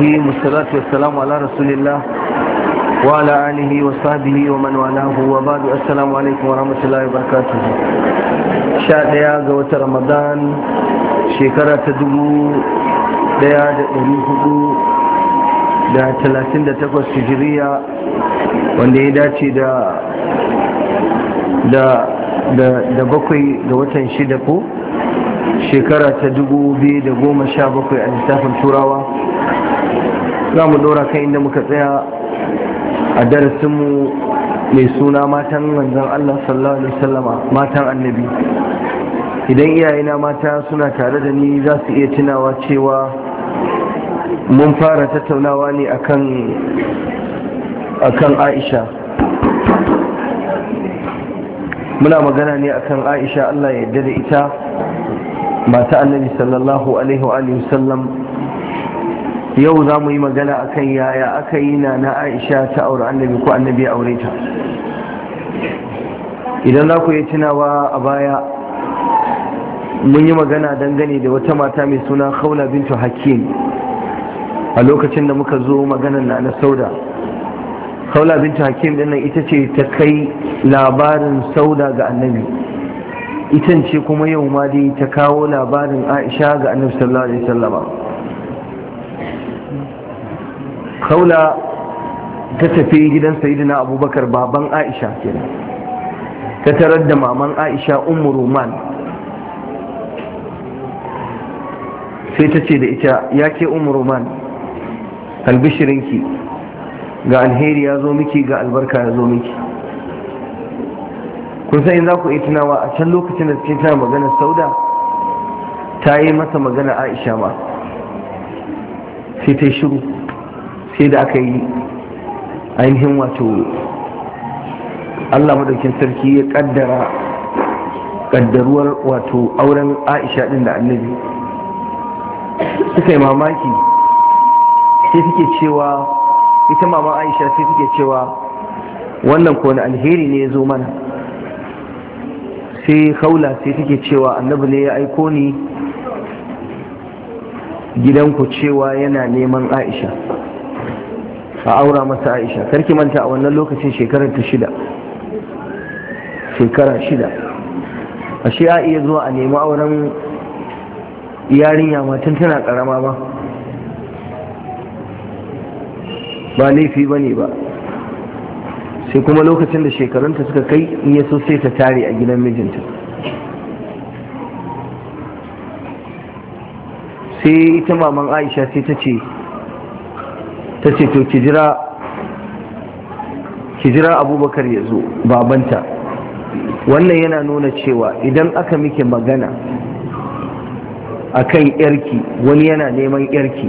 الرحيم والصلاة والسلام على رسول الله وعلى آله وصحبه ومن وعلاه وبعد السلام عليكم ورحمة الله وبركاته شاد يا قوة رمضان شكرا تدبو ديا دا تلاتين دا تقوى السجرية hijiriya wanda دا dace دا da da da bakwai ga watan shida ko shekara ta 2017 a littafin turawa za mu dora kan inda muka tsaya a darasinmu mai suna matan manzan Allah sallallahu alaihi wasallama matan annabi idan iyayena mata suna tare da ni za su iya tunawa cewa mun fara tattaunawa ne a kan Aisha muna magana ne akan Aisha Allah ya yarda da ita mata annabi sallallahu alaihi wa sallam yau za mu yi magana a kan yaya aka yi na na aisha ta aure annabi ko annabi ya aure ta idan za ku yi tunawa a baya mun yi magana dangane da wata mata mai suna khawla bintu hakim a lokacin da muka zo maganar na na sauda khawla bintu hakim din nan ita ce ta kai labarin sauda ga annabi itan ce kuma yau ma dai ta kawo labarin aisha ga annabi sallallahu alaihi wasallama Saula ta tafi gidan sayidina abubakar baban aisha kenan ta tarar da maman aisha ummu roman sai ta ce da ita ya ke ummu roman albishirinki ga alheri ya zo miki ga albarka ya zo miki kun san in za ku yi tunawa a can lokacin da suke tana magana sauda ta yi masa magana aisha ma sai ta yi shiru sai da aka yi ainihin wato allah madaukin sarki ya kaddara kaddaruwar wato auren aisha din da annabi suka yi mamaki sai suke cewa ita mama aisha sai suke cewa wannan kone alheri ne ya zo mana sai haula sai suke cewa annabi ne ya aiko ni gidanku cewa yana neman aisha a aura masa aisha karki manta a wannan lokacin shekarar ta shida shekara shida a shi iya zuwa a nemi auren yarinya matan tana karama ba ba laifi ba ne ba sai kuma lokacin da shekarunta suka kai in ya so sai ta tare a gidan mijinta sai ita maman aisha sai ta ce ta ce to ki jira abubakar ya zo babanta wannan yana nuna cewa idan aka miki magana a kan yarki wani yana neman yarki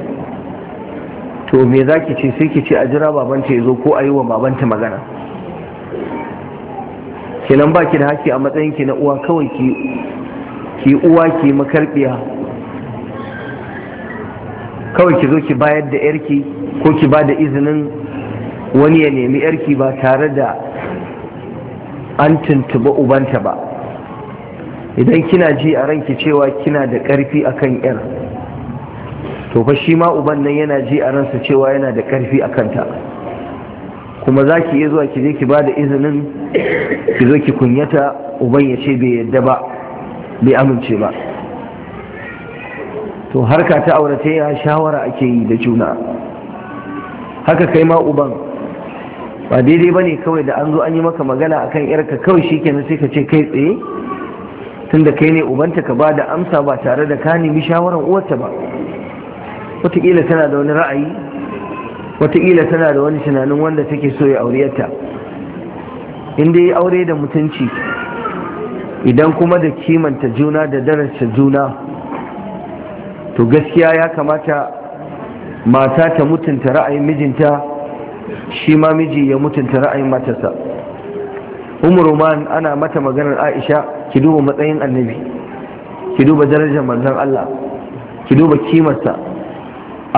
to me za ki ce sai ki ce a jira babanta ya zo ko a yi wa babanta magana Kinan baki da haki a matsayinki na uwa kawai ki uwa ki makarbiya kawai ki zo ki bayar da yarki ko ki ba da izinin wani ya nemi yarki ba tare da an tuntuba ubanta ba idan kina ji a ranki cewa kina da ƙarfi kan yar to fa shi ma uban nan yana ji a ransa cewa yana da ƙarfi a kanta kuma za ki iya zuwa ki je ki ba da izinin ki zo ki kunyata uban ya ce bai yadda ba bai amince ba to harka ta aurace ya shawara ake yi da juna haka kai ma uban ba daidai ba ne kawai da an zo an yi maka magana akan yarka kawai shi kenan sai ka ce kai tsaye tunda kai ne ubanta ka ba da amsa ba tare da ka nemi shawaran uwarta ba wataƙila tana da wani ra'ayi wataƙila tana da wani tunanin wanda take so ya auriyarta inda ya aure da mutunci idan kuma da kimanta juna da darasta juna to gaskiya ya kamata mata ta mutunta ra'ayin mijinta shi ma miji ya mutunta ra'ayin matarsa roman ana mata maganar aisha ki duba matsayin annabi ki duba darajar manzon Allah ki duba kimarsa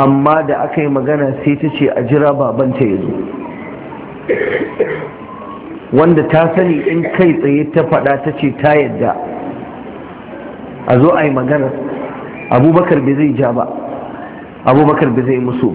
amma da aka yi magana sai ta ce a jira babanta ya zo wanda ta sani in kai tsaye ta faɗa ta ce ta yadda a zo a yi maganar abubakar bai zai ja ba abubakar bai zai musu